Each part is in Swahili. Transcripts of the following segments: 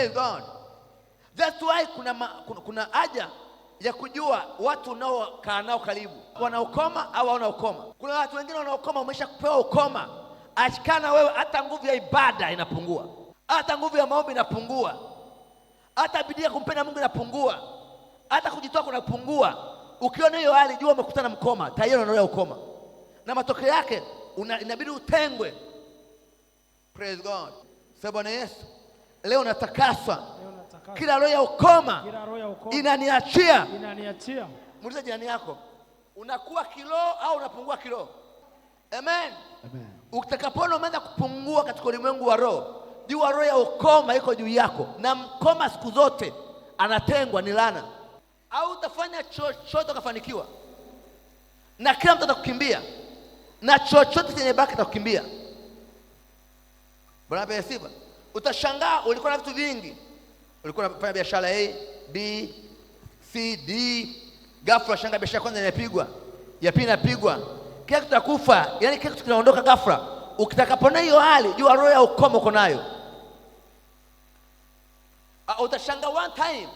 Praise God. That's why kuna, ma, kuna, kuna haja ya kujua watu unaokaa nao karibu wanaokoma au ukoma. Kuna watu wengine wanaokoma, kupewa ukoma, achikana wewe, hata nguvu ya ibada inapungua, hata nguvu ya maombi inapungua, hata bidii ya kumpenda Mungu inapungua, hata kujitoa kunapungua. Ukiona hiyo hali, jua umekutana mkoma tayari, unaonelea ukoma na matokeo yake una, inabidi utengwe. Praise God. Sema Bwana Yesu. Leo natakaswa, kila roho ya ukoma inaniachia. Muulize jirani yako, unakuwa kiroho au unapungua kiroho? Amen. Amen. Utakapoona umeanza kupungua katika ulimwengu wa roho, jua roho ya ukoma iko juu yako, na mkoma siku zote anatengwa ni laana, au utafanya chochote ukafanikiwa, na kila mtu atakukimbia, na chochote chenye baki atakukimbia. Bwana asifiwe. Utashangaa ulikuwa na vitu vingi, ulikuwa unafanya biashara A, B, C, D. Ghafla shanga biashara kwanza inapigwa, ya pili inapigwa, kila kitu kitakufa, yani kila kitu kinaondoka ghafla. Ukitakapoona hiyo hali, jua roho ya ukomo uko nayo. Ah, utashangaa one time,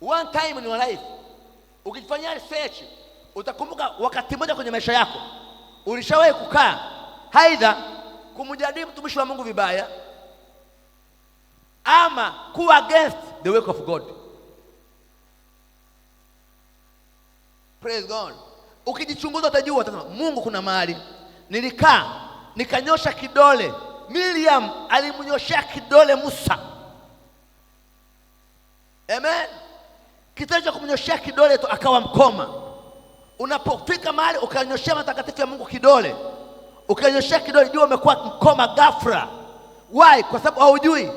one time ni your life, ukifanya research utakumbuka wakati mmoja kwenye maisha yako ulishawahi kukaa aidha kumjadili mtumishi wa Mungu vibaya ama kuwa against the work of God. Praise God. Ukijichunguza utajua, utasema Mungu, kuna mahali nilikaa nikanyosha kidole. Miriam alimnyoshea kidole Musa. Amen. Kitendo cha kumnyoshea kidole tu akawa mkoma. Unapofika mahali ukanyoshea matakatifu ya Mungu kidole, ukanyoshea kidole, jua umekuwa mkoma ghafla. Why? Kwa sababu haujui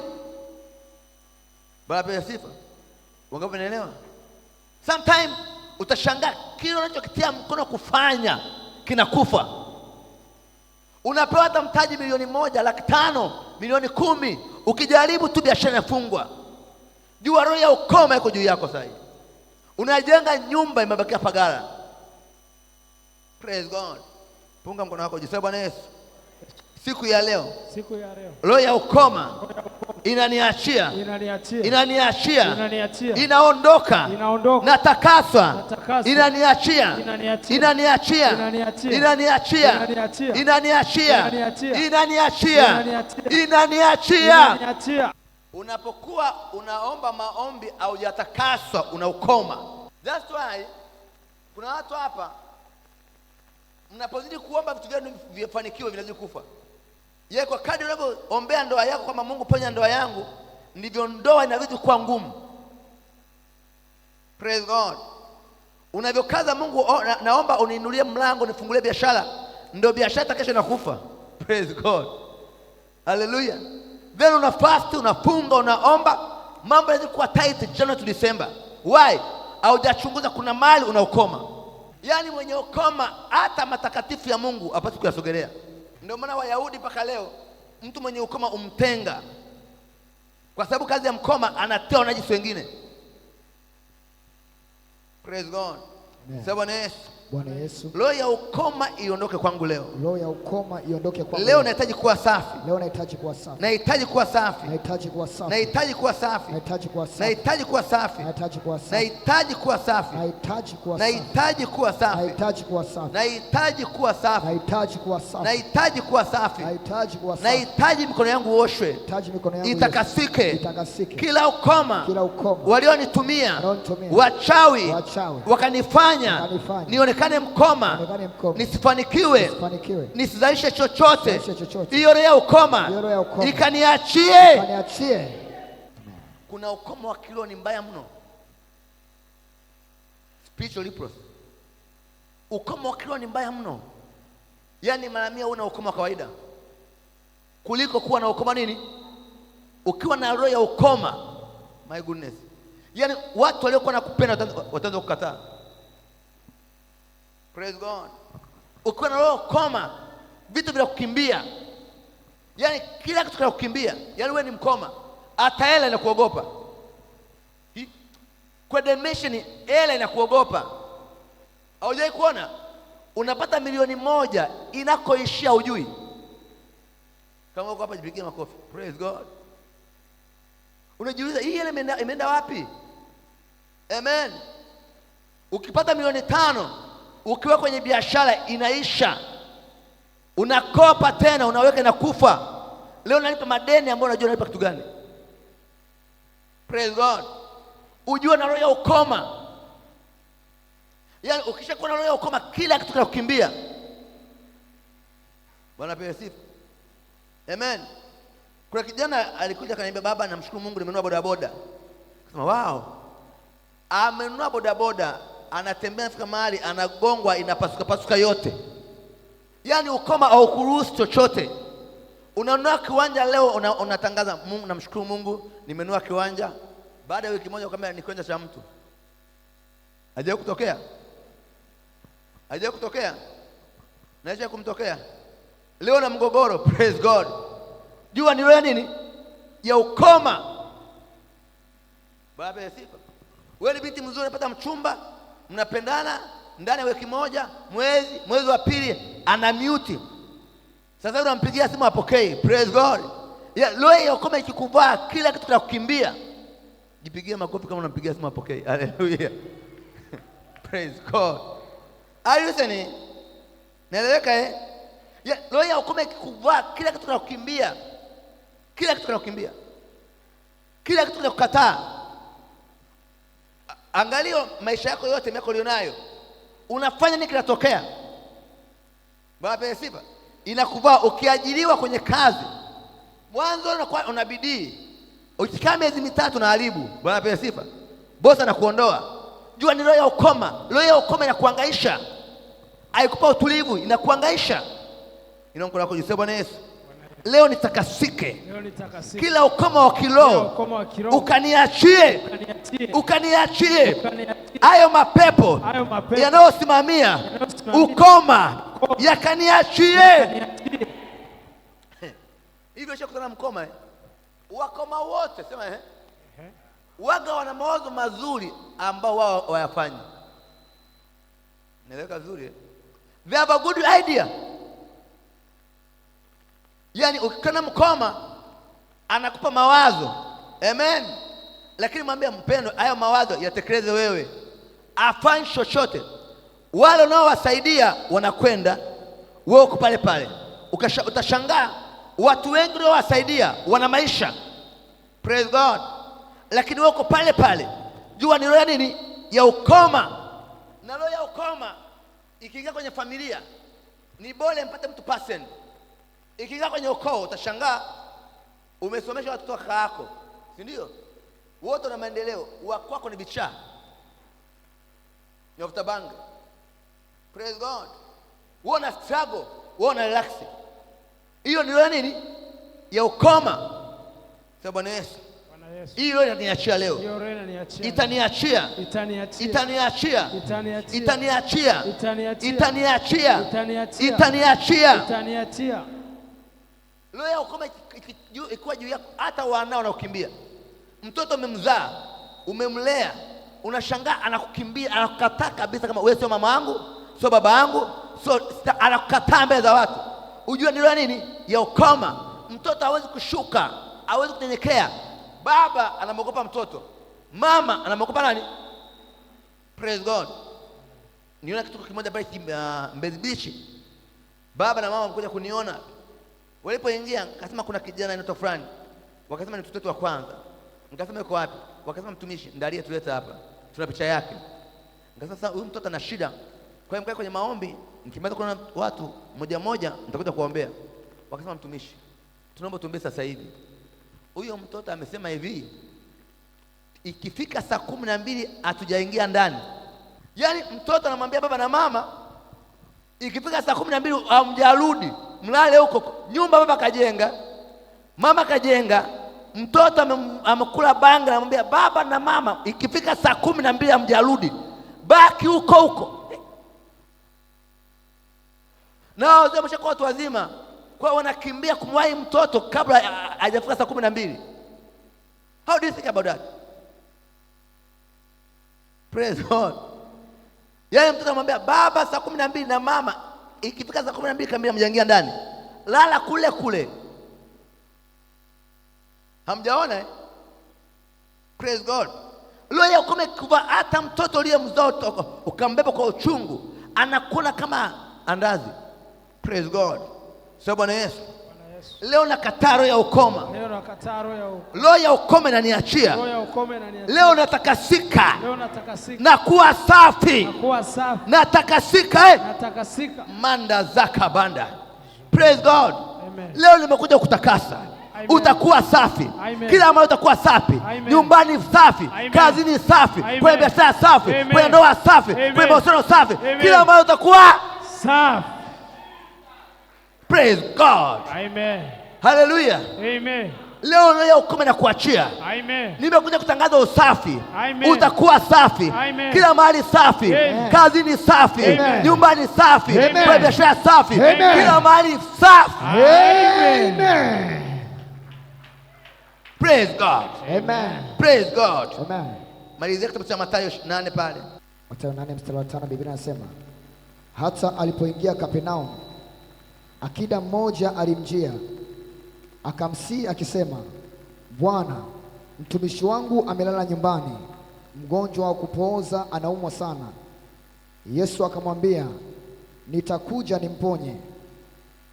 Bwana ya sifa. Wangapi naelewa? Sometime utashangaa kile unachokitia mkono kufanya kinakufa. Unapewa hata mtaji milioni moja, laki tano, milioni kumi, ukijaribu tu biashara inafungwa. Jua roho ya ukoma iko juu yako sasa hivi. Unajenga nyumba imebakia fagara. Praise God. Punga mkono wako, jisema Bwana Yesu. Siku ya leo. Siku ya leo. Roho ya ukoma inaniachia inaniachia inaondoka natakaswa inaniachia inaniachia inaniachia inaniachia inaniachia inaniachia. Unapokuwa unaomba maombi aujatakaswa unaukoma. That's why kuna watu hapa mnapozidi kuomba vitu vyenu vifanikiwe vinazidi kufa ye, kwa kadri unavyoombea ndoa yako kwamba Mungu ponya ndoa yangu, ndivyo ndoa inavyozidi kuwa ngumu. Praise God. Unavyokaza Mungu, na, naomba uniinulie mlango nifungulie biashara, ndo biashara itakesha inakufa. Praise God. Hallelujah. Then una fast, unafunga, unaomba, mambo yanazidi kuwa tight January to December. Why? Haujachunguza kuna mali unaokoma. Yaani mwenye ukoma hata matakatifu ya Mungu hapaswi kuyasogelea. Ndio maana Wayahudi mpaka leo mtu mwenye ukoma umtenga, kwa sababu kazi ya mkoma anatewa wanajisi wengine. Praise God. Amen. Yesu Bwana Yesu. Roho ya ukoma iondoke kwangu leo. Roho ya ukoma iondoke kwangu. Leo nahitaji kuwa safi. Leo nahitaji kuwa safi. Nahitaji kuwa safi. Nahitaji kuwa safi. Nahitaji kuwa safi. Nahitaji kuwa safi. Nahitaji kuwa safi. Nahitaji kuwa safi. Nahitaji kuwa safi. Nahitaji kuwa safi. Nahitaji kuwa safi. Nahitaji kuwa safi. Nahitaji kuwa safi. Nahitaji kuwa safi. Nahitaji kuwa safi. Nahitaji kuwa safi. Nahitaji mikono yangu uoshwe. Nahitaji mikono yangu itakasike. Itakasike. Kila ukoma. Kila ukoma. Walionitumia. Wachawi. Wachawi. wakanifanya, Wakanifanya. Nione nionekane mkoma, nisifanikiwe, nisizalishe chochote, hiyo roho ya ukoma ikaniachie. Kuna ukoma wa kiroho ni mbaya mno, spiritual leprosy. Ukoma wa kiroho ni mbaya mno, yaani mara mia una ukoma wa kawaida kuliko kuwa na ukoma nini. Ukiwa na roho ya ukoma, my goodness, yaani watu waliokuwa nakupenda wataanza kukataa Praise God. Ukiwa na roho koma, vitu vya kukimbia, yaani kila kitu cha kukimbia, yaani wewe ni mkoma, hata hela inakuogopa. Kwa dimension hela inakuogopa. Haujai kuona unapata milioni moja inakoishia hujui. Kama uko hapa jipigie makofi. Praise God. Unajiuliza hii hela imeenda wapi? Amen. Ukipata milioni tano ukiwa kwenye biashara inaisha, unakopa tena, unaweka inakufa. Leo nalipa madeni ambayo unajua nalipa kitu gani? Praise God. Ujue na roho ya ukoma, yaani ukishakuwa na roho ya ukoma, kila kitu kinakukimbia. Bwana apewe sifa, amen. Kuna kijana alikuja akaniambia, baba, namshukuru Mungu nimenunua bodaboda. Akasema wow, amenunua bodaboda anatembea fika mahali anagongwa, inapasuka pasuka yote, yaani ukoma kuruhusu chochote. Unanunua kiwanja leo una, unatangaza Mungu, namshukuru Mungu nimenunua kiwanja, baada ya wiki moja ukamwambia ni kiwanja cha mtu. Haijawahi kutokea, haijawahi kutokea, naisha kumtokea leo na mgogoro. Praise God, jua ni wewe nini ya ukoma. Baba ya sifa, wewe ni binti mzuri, unapata mchumba mnapendana ndani ya wiki moja, mwezi, mwezi wa pili ana mute. Sasa unampigia simu apokee, Praise God. Roho ya kama ikikuvaa, kila kitu kitakukimbia. Jipigie makofi kama unampigia simu apokee. Haleluya. Praise God. Are you listening? Naeleweka eh? Roho ya kama ikikuvaa, kila kitu kinakukimbia, kila kitu kinakukimbia, kila kitu kinakukataa Angalia maisha yako yote, miaka ulionayo, unafanya nini? Kinatokea bape sifa inakuvaa. Ukiajiriwa kwenye kazi, mwanzo unakuwa una ukikaa miezi mitatu na haribu, bwana pe sifa, bosi anakuondoa. Jua ni roho ya ukoma. Roho ya ukoma inakuangaisha haikupa utulivu, inakuangaisha Inaongoza kujisema Bwana Yesu. Leo nitakasike, leo nitakasike kila ukoma wa kiroho ukaniachie, ukaniachie hayo mapepo, mapepo yanayosimamia ukoma yakaniachie. Hivyo shakutana mkoma eh? Wakoma wote sema eh? Waga wana mawazo mazuri ambao wao wayafanya Naeleweka vizuri eh? They have a good idea Yaani ukikana mkoma anakupa mawazo amen, lakini mwambie mpendo, hayo mawazo yatekeleze wewe, afanye chochote. Wale unaowasaidia wanakwenda, wewe uko pale pale. Utashangaa watu wengi unaowasaidia wana maisha, praise God, lakini wewe uko pale pale. Jua ni roho ya nini? Ya ukoma. Na roho ya ukoma ikiingia kwenye familia, ni bole mpate mtu paseni Ikiingia kwenye ukoo utashangaa, umesomesha watoto wa kaka yako, si ndio? Wote na maendeleo, wa kwako ni bichaa nyavuta bangi. Praise God, wewe na struggle, wewe na relax. Hiyo ni ndio nini ya ukoma. Bwana Yesu hiyo roho inaniachia leo, itaniachia itaniachia itaniachia, itaniachia, itaniachia, itaniachia, itaniachia. Roho yako kama ikiwa juu yako, hata wanao nakukimbia. Mtoto umemzaa umemlea, unashangaa anakukimbia, anakukataa kabisa, kama wewe sio mama yangu, sio baba yangu, sio anakukataa mbele za watu. Ujue ni roho nini ya ukoma. Mtoto hawezi kushuka, hawezi kunyenyekea. Baba anamwogopa mtoto, mama anamwogopa nani? Praise God. Niona kitu kimoja pale ah, Mbezi Beach, baba na mama wamekuja kuniona Walipoingia akasema kuna kijana anaitwa fulani, wakasema ni mtoto wetu wa kwanza. Nikasema yuko wapi? Wakasema mtumishi ndalie, tuleta hapa, tuna picha yake. Nikasema sasa huyu mtoto ana shida, kwa hiyo mkae kwenye maombi, nikimaliza kuona watu moja moja nitakuja kuombea. Wakasema mtumishi, tunaomba tuombee sasa hivi, huyo mtoto amesema hivi ikifika saa kumi na mbili hatujaingia ndani. Yaani mtoto anamwambia baba na mama, ikifika saa kumi na mbili hamjarudi mlale huko. Nyumba baba kajenga, mama kajenga, mtoto amekula bangi, namwambia baba na mama, ikifika saa kumi na mbili hamjarudi, baki huko huko. Na wazee wameshakuwa watu wazima, kwa wanakimbia kumwahi mtoto kabla hajafika saa kumi na mbili. How do you think about that? Praise God. Yaani mtoto anamwambia baba saa kumi na mbili na mama ikifika saa kumi na mbili kamili hamjaingia ndani, lala kule kule, hamjaona eh? Praise God. Leo ya kumekuwa hata mtoto mzoto ukambeba kwa uchungu anakula kama andazi. Praise God. Sio Bwana Yesu. Leo na kataro ya ukoma, leo ya ukoma inaniachia leo, natakasika na kuwa safi, eh. natakasika manda zaka banda. Praise God. Amen. Leo nimekuja kutakasa Amen. Utakuwa safi Amen. Kila ambayo utakuwa safi Nyumbani safi Kazini safi Kwenye biashara safi Amen. Kwenye ndoa safi Amen. Kwenye mahusiano safi Kila ambayo utakuwa safi Praise God. Amen. Hallelujah. Amen. Leo leo hukumu na kuachia. Amen. Nimekuja kutangaza usafi, Amen. utakuwa safi Amen. kila mahali, safi Amen. Kazi ni safi Nyumba ni safi kwa biashara, safi Amen. kila mahali, safi. Amen. Praise God. Amen. Praise God. Amen. Malizia kitabu cha Mathayo 8 pale. Mathayo 8 mstari wa 5, Biblia inasema hata alipoingia Kapernaum Akida mmoja alimjia akamsii akisema, Bwana, mtumishi wangu amelala nyumbani, mgonjwa wa kupooza, anaumwa sana. Yesu akamwambia, nitakuja nimponye.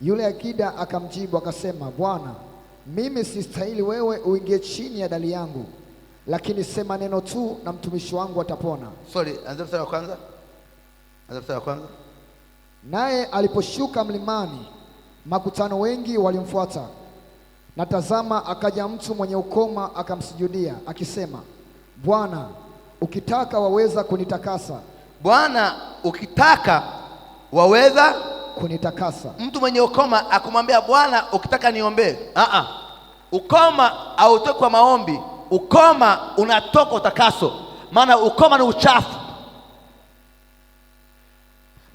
Yule akida akamjibu akasema, Bwana, mimi sistahili wewe uingie chini ya dali yangu, lakini sema neno tu na mtumishi wangu atapona. Sorry, anza mstari wa kwanza, anza mstari wa kwanza. Naye aliposhuka mlimani makutano wengi walimfuata. Na tazama, akaja mtu mwenye ukoma akamsujudia, akisema, Bwana, ukitaka waweza kunitakasa. Bwana, ukitaka waweza kunitakasa. Mtu mwenye ukoma akumwambia, Bwana, ukitaka niombee? ah, ukoma hautoki kwa maombi. Ukoma unatoka utakaso, maana ukoma ni uchafu.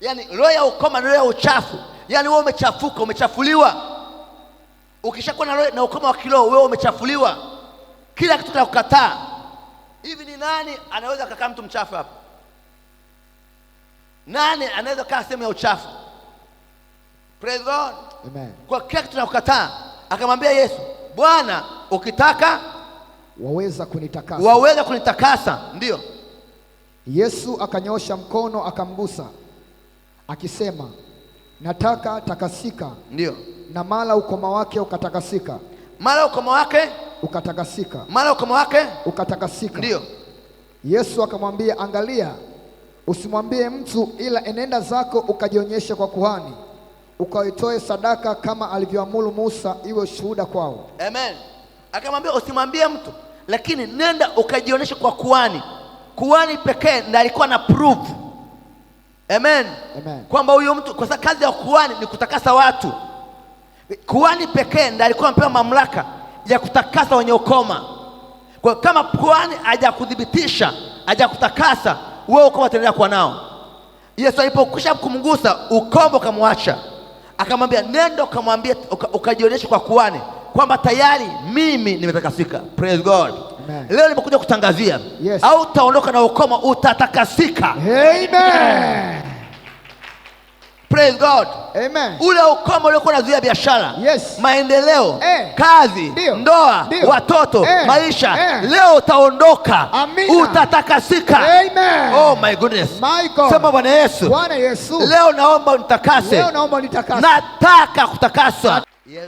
Yaani roho ya ukoma ni roho ya uchafu. Yaani wewe umechafuka, umechafuliwa. Ukishakuwa na, na ukoma wa kiroho, wewe umechafuliwa, kila kitu kinakukataa. Hivi ni nani anaweza kukaa mtu mchafu hapa? Nani anaweza kaa sehemu ya uchafu? Praise God. Amen. Kwa kila kitu nakukataa, akamwambia Yesu, Bwana ukitaka waweza kunitakasa, waweza kunitakasa. ndio Yesu akanyosha mkono akamgusa akisema nataka takasika, ndio na mala ukoma wake ukatakasika, mala ukoma wake ukatakasika, mala ukoma wake ukatakasika. Ndio Yesu akamwambia, angalia, usimwambie mtu, ila enenda zako ukajionyeshe kwa kuhani, ukaitoe sadaka kama alivyoamuru Musa, iwe shuhuda kwao. Amen. Akamwambia usimwambie mtu, lakini nenda ukajionyeshe kwa kuhani. Kuhani pekee ndiye alikuwa na proof Amen, amen. Kwamba huyu mtu kwa sababu kazi ya kuhani ni kutakasa watu. Kuhani pekee ndiye alikuwa amepewa mamlaka ya kutakasa wenye ukoma. Kwa kama kuhani hajakudhibitisha, hajakutakasa, wewe ukoma utaendelea kuwa nao. Yesu alipokwisha kumgusa ukoma ukamwacha, akamwambia nenda ukamwambia ukajionyesha kwa kuhani kwamba tayari mimi nimetakasika. Praise God. Leo nimekuja kutangazia yes. Au utaondoka na ukoma, utatakasika. Amen. Praise God. Amen. Ule ukoma uliokuwa unazuia biashara, yes. maendeleo, eh. kazi, Dio. ndoa, Dio. watoto, eh. maisha, eh. leo utaondoka, utatakasika. Amen. Oh my goodness. My God. Sema Bwana Yesu. Bwana Yesu. Leo naomba nitakase. Leo naomba nitakase. Nataka kutakaswa. Yeah,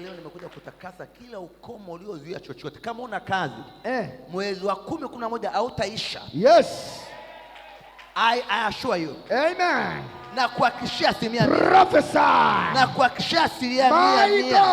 kutakasa kila ukomo uliozuia chochote. Kama una kazi eh, mwezi wa kumi kumi na moja hautaisha. Yes, I, I assure you. Amen. Na kuhakikishia asilimia mia. Prophesy. Na kuhakikishia asilimia mia.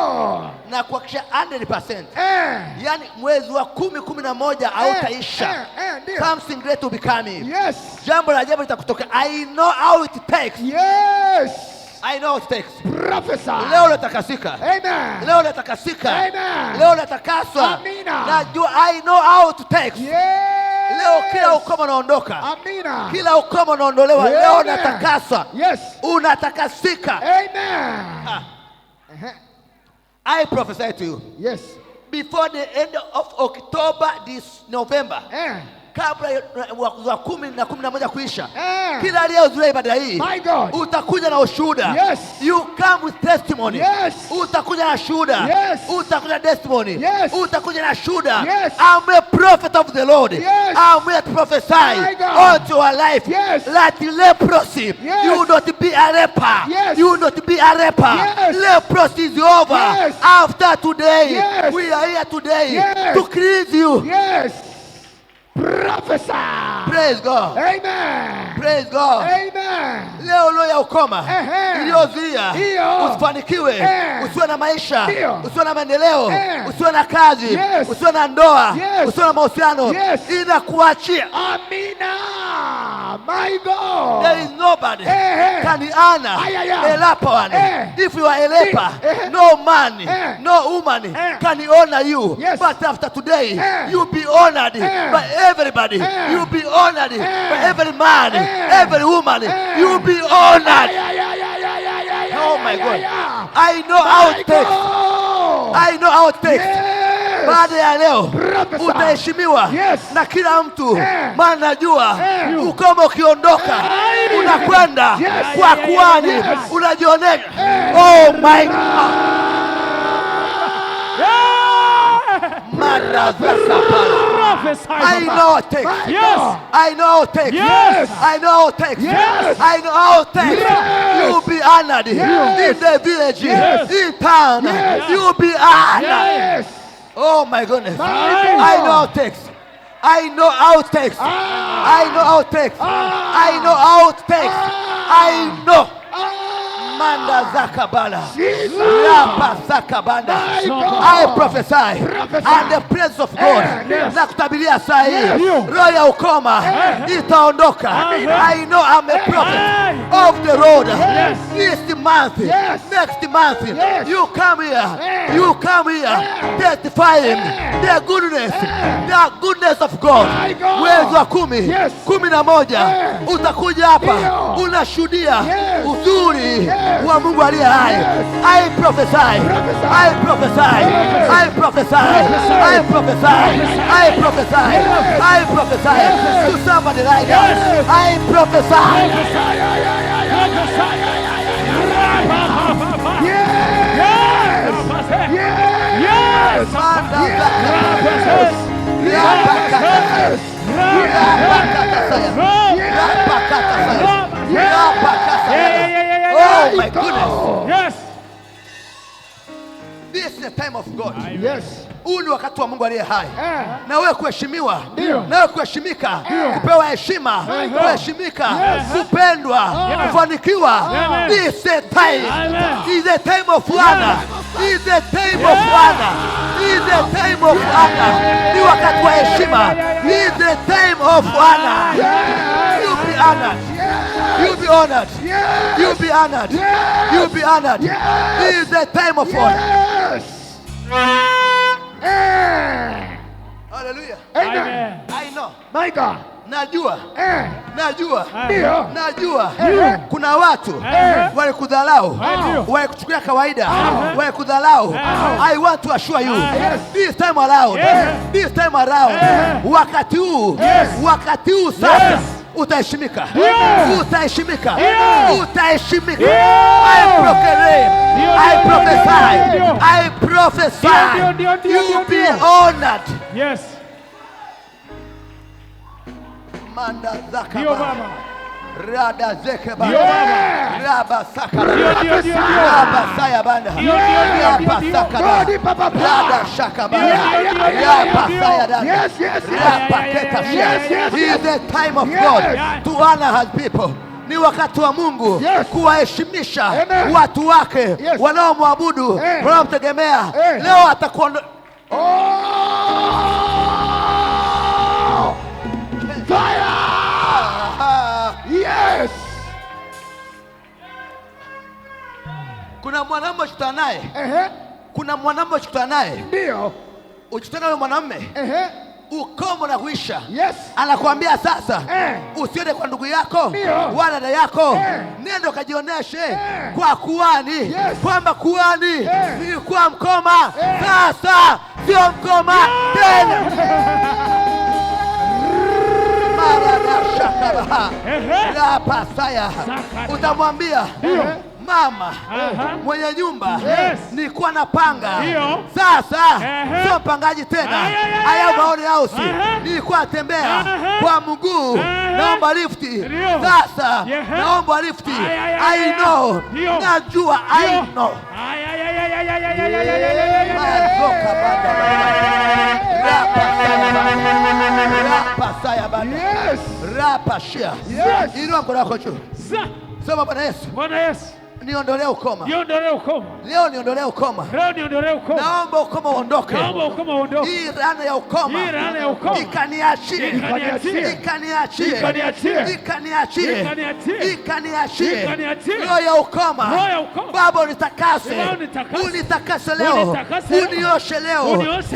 Na kuhakikishia 100%. Eh. Yani mwezi wa kumi kumi na moja eh, hautaisha. Eh, eh, Something great will be coming. Yes. Jambo la ajabu litakutokea. I know how it takes. Yes. I know it takes. Professor. Leo natakasika. Amen. Leo natakasika. Amen. Leo natakaswa. Amina. Na Najua I know how it takes. Yeah. Leo kila ukoma unaondoka. Amina. Kila ukoma unaondolewa. Leo natakaswa. Yes. Unatakasika. Amen. Ah. uh I prophesy to you. Yes. Before the end of October this November. Eh kabla ya kumi na kumi na moja kuisha, yeah. Kila aliyehudhuria ibada hii utakuja na ushuhuda yes. You come with testimony yes. Utakuja na shuhuda yes. Utakuja testimony yes. Utakuja na shuhuda yes. I'm a prophet of the Lord yes. I'm here to prophesy onto your life yes. Like leprosy yes. You not be a leper yes. You not be a leper yes. Leprosy is over yes. After today yes. We are here today yes. to cleanse you yes. Leo leo ya ukoma iliyozuia usifanikiwe, usiwe na maisha, usiwe na maendeleo, usiwe na kazi, usiwe na ndoa, usiwe na mahusiano, yes, inakuachia. Amina. My God. There is nobody can ana elapa one. If you are elepa, no man, no woman can honor you. But after today, you'll be honored by everybody. Eh. You eh. eh. will be honored. Yeah. For every man, yeah. every woman, you will be honored. Yeah, yeah, yeah, yeah, yeah, yeah, Oh my yeah, God. Yeah. I know how it takes. I know how it takes. Yeah. Baada ya leo utaheshimiwa yes, na kila mtu eh, maana najua eh, ukoma ukiondoka eh, unakwenda yes, kwa kuani yes, unajioneka eh, oh my God. Ah. I know text. Yes. I know text. Yes. I know text. Yes. I know text. Yes. You'll be honored yes. in the village, yes. in town. Yes. You'll be honored. Yes. Oh my goodness. I know text. I know out text. Ah. I know out text. Ah. I know out text. Ah. I know. Manda Zakabala. lapa Zakabanda. I prophesy and the presence of God na kutabilia saa hii roho ya ukoma itaondoka. I know I'm a prophet of the road. This month, next month, you come here, you come here testifying the goodness, the goodness of God. Mwezi wa kumi, kumi na moja utakuja hapa unashuhudia uzuri kuwa Mungu aliye hai. I prophesy, I prophesy, I prophesy, I prophesy, I prophesy, I prophesy to somebody right now. I prophesy. Yes! Yes! Yes! Yes! Yes! Yes! Oh my goodness. Yes. This is the time of God. Yes. Huu ni wakati wa Mungu aliye hai. Uh, na wewe kuheshimiwa, na wewe kuheshimika, kupewa heshima, eh. kuheshimika, kupendwa, eh. kufanikiwa. This is the time. This is the time of Bwana. This is the time of Bwana. This is the time of Bwana. Ni wakati wa heshima. This is the time of Bwana. You be honored be honored. Yes. You'll be honored. Yes. You'll be honored. Yes. This is the time of honor. yes. Eh. Hallelujah. Amen. Amen. I know. My God. Najua. Eh. Najua. Ndio. Najua. Eh. Kuna watu eh, eh. walikudhalau, ah. walikuchukulia kawaida, ah. walikudhalau. Ah. I want to assure you yes. This time around. Yes. This time around. Yes. Eh. Wakati huu. Yes. Wakati huu sasa. Yes utaheshimika, utaheshimika, utaheshimika. I proclaim, I prophesy, I prophesy, you be honored. Yes. Manda zakaba. zaka rada zeke bana raba saka raba saya bana raba saka raba shaka bana raba saya dana raba keta shia he is the time of God to honor his people ni wakati wa Mungu yes. kuwaheshimisha watu wake yes. wanaomwabudu wanaomtegemea. Leo atakuondoa oh! kuna mwanamume ulikutana naye ehe, kuna mwanamume ulikutana naye ndio, ulikutana na mwanamume ehe, ukomo na kuisha. Yes, anakuambia sasa, eh, usiende kwa ndugu yako wala dada yako eh, nenda ukajionyeshe eh, kwa kuani yes, kwamba kuani eh, nilikuwa mkoma eh, sasa sio mkoma tena mara na shakaba la pasaya utamwambia eh mama mwenye nyumba yes. Nilikuwa na panga sasa, sio mpangaji tena, aya maoni house. Nilikuwa natembea kwa mguu, naomba lifti sasa, naomba lifti. I know, najua I know rapa shia, inua mkono wako juu, sema Bwana Yesu, Bwana Yesu niondolee ukoma. Niondolee ukoma. Leo niondolee ukoma. Leo niondolee ukoma. Naomba ukoma uondoke. Naomba ukoma uondoke. Hii rana ya ukoma. Hii rana ya ukoma. Ikaniachie. Ikaniachie. Ikaniachie. Ikaniachie. Ikaniachie. Ikaniachie. Ikaniachie. Ikaniachie. Roho ya ukoma. Roho ya ukoma. Baba unitakase. Unitakase leo. Unioshe leo.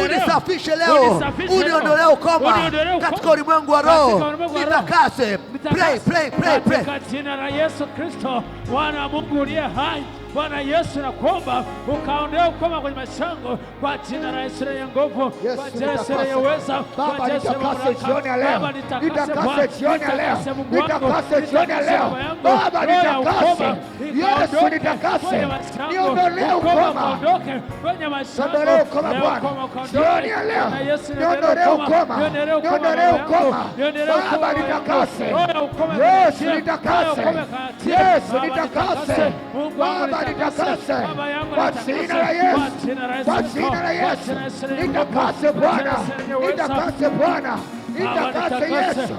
Unisafishe leo. Uniondolee ukoma. Katika ulimwengu wa roho. Nitakase. Pray, pray, pray, pray. Katika jina la Yesu Kristo, Bwana Mungu uliye high Bwana Yesu, nakuomba ukaondoe ukoma kwenye mashango kwa jina la Yesu lenye nguvu, kwa jina la Yesu lenye uweza. kwa Baba, nitakase jioni ya leo, nitakase jioni ya leo, nitakase jioni ya leo. Baba, nitakase Yesu, nitakase, niondolee ukoma, kwenye niondolee ukoma Bwana, jioni ya leo, niondolee ukoma, niondolee ukoma. Baba, nitakase Yesu, nitakase Yesu, nitakase Baba Baba nitakase kwa jina la Yesu, kwa jina la Yesu nitakase Bwana, nitakase Bwana nitakase Yesu,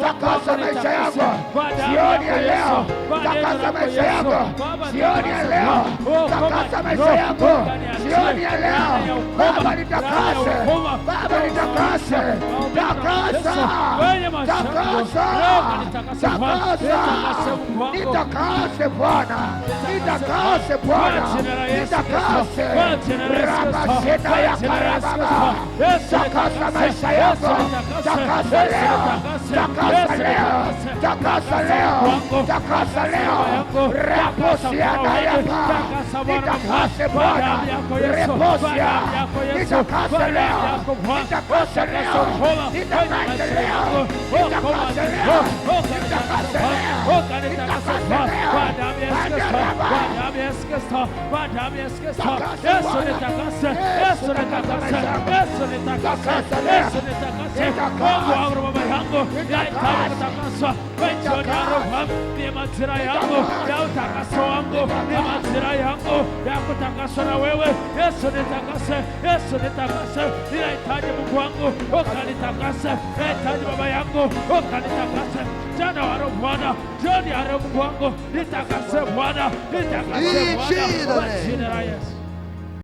takasa maisha yangu jioni ya leo, oh, takasa maisha yangu jioni ya leo, takasa maisha yangu Giovanni Anel, Babarita Caixa, Babarita Caixa, da casa! da casa! da casa! da Caixa, Ita Caixa, Bona, Ita Caixa, agora. Vida câncer. Rabaceta e a carababa. Da casa mais saiaco. Da casa leão. Da casa leão. Da casa leão. Da casa leão. Raposiana e a pá. Vida câncer bora. Reposia. Vida câncer leão. Vida câncer leão. Vida câncer leão. Vida câncer leão. Vida câncer leão. Vida câncer leão. Guarda minhas Yesu, kwa damu ya Yesu, Yesu nitakase, Yesu nitakase, Yesu nitakase, Yesu nitakase, Mungu wangu baba yangu, nahitaji kutakaswa kwa jioni ya Roho. Ni majira yangu ya utakaso wangu, ni majira yangu ya kutakaswa na wewe Yesu, nitakase, Yesu nitakase, ninahitaji Mungu wangu ukanitakase, nahitaji baba yangu ukanitakase Tena waro Bwana, jioni ya Mungu wangu nitakase Bwana, nitakase Bwana, jina la Yesu.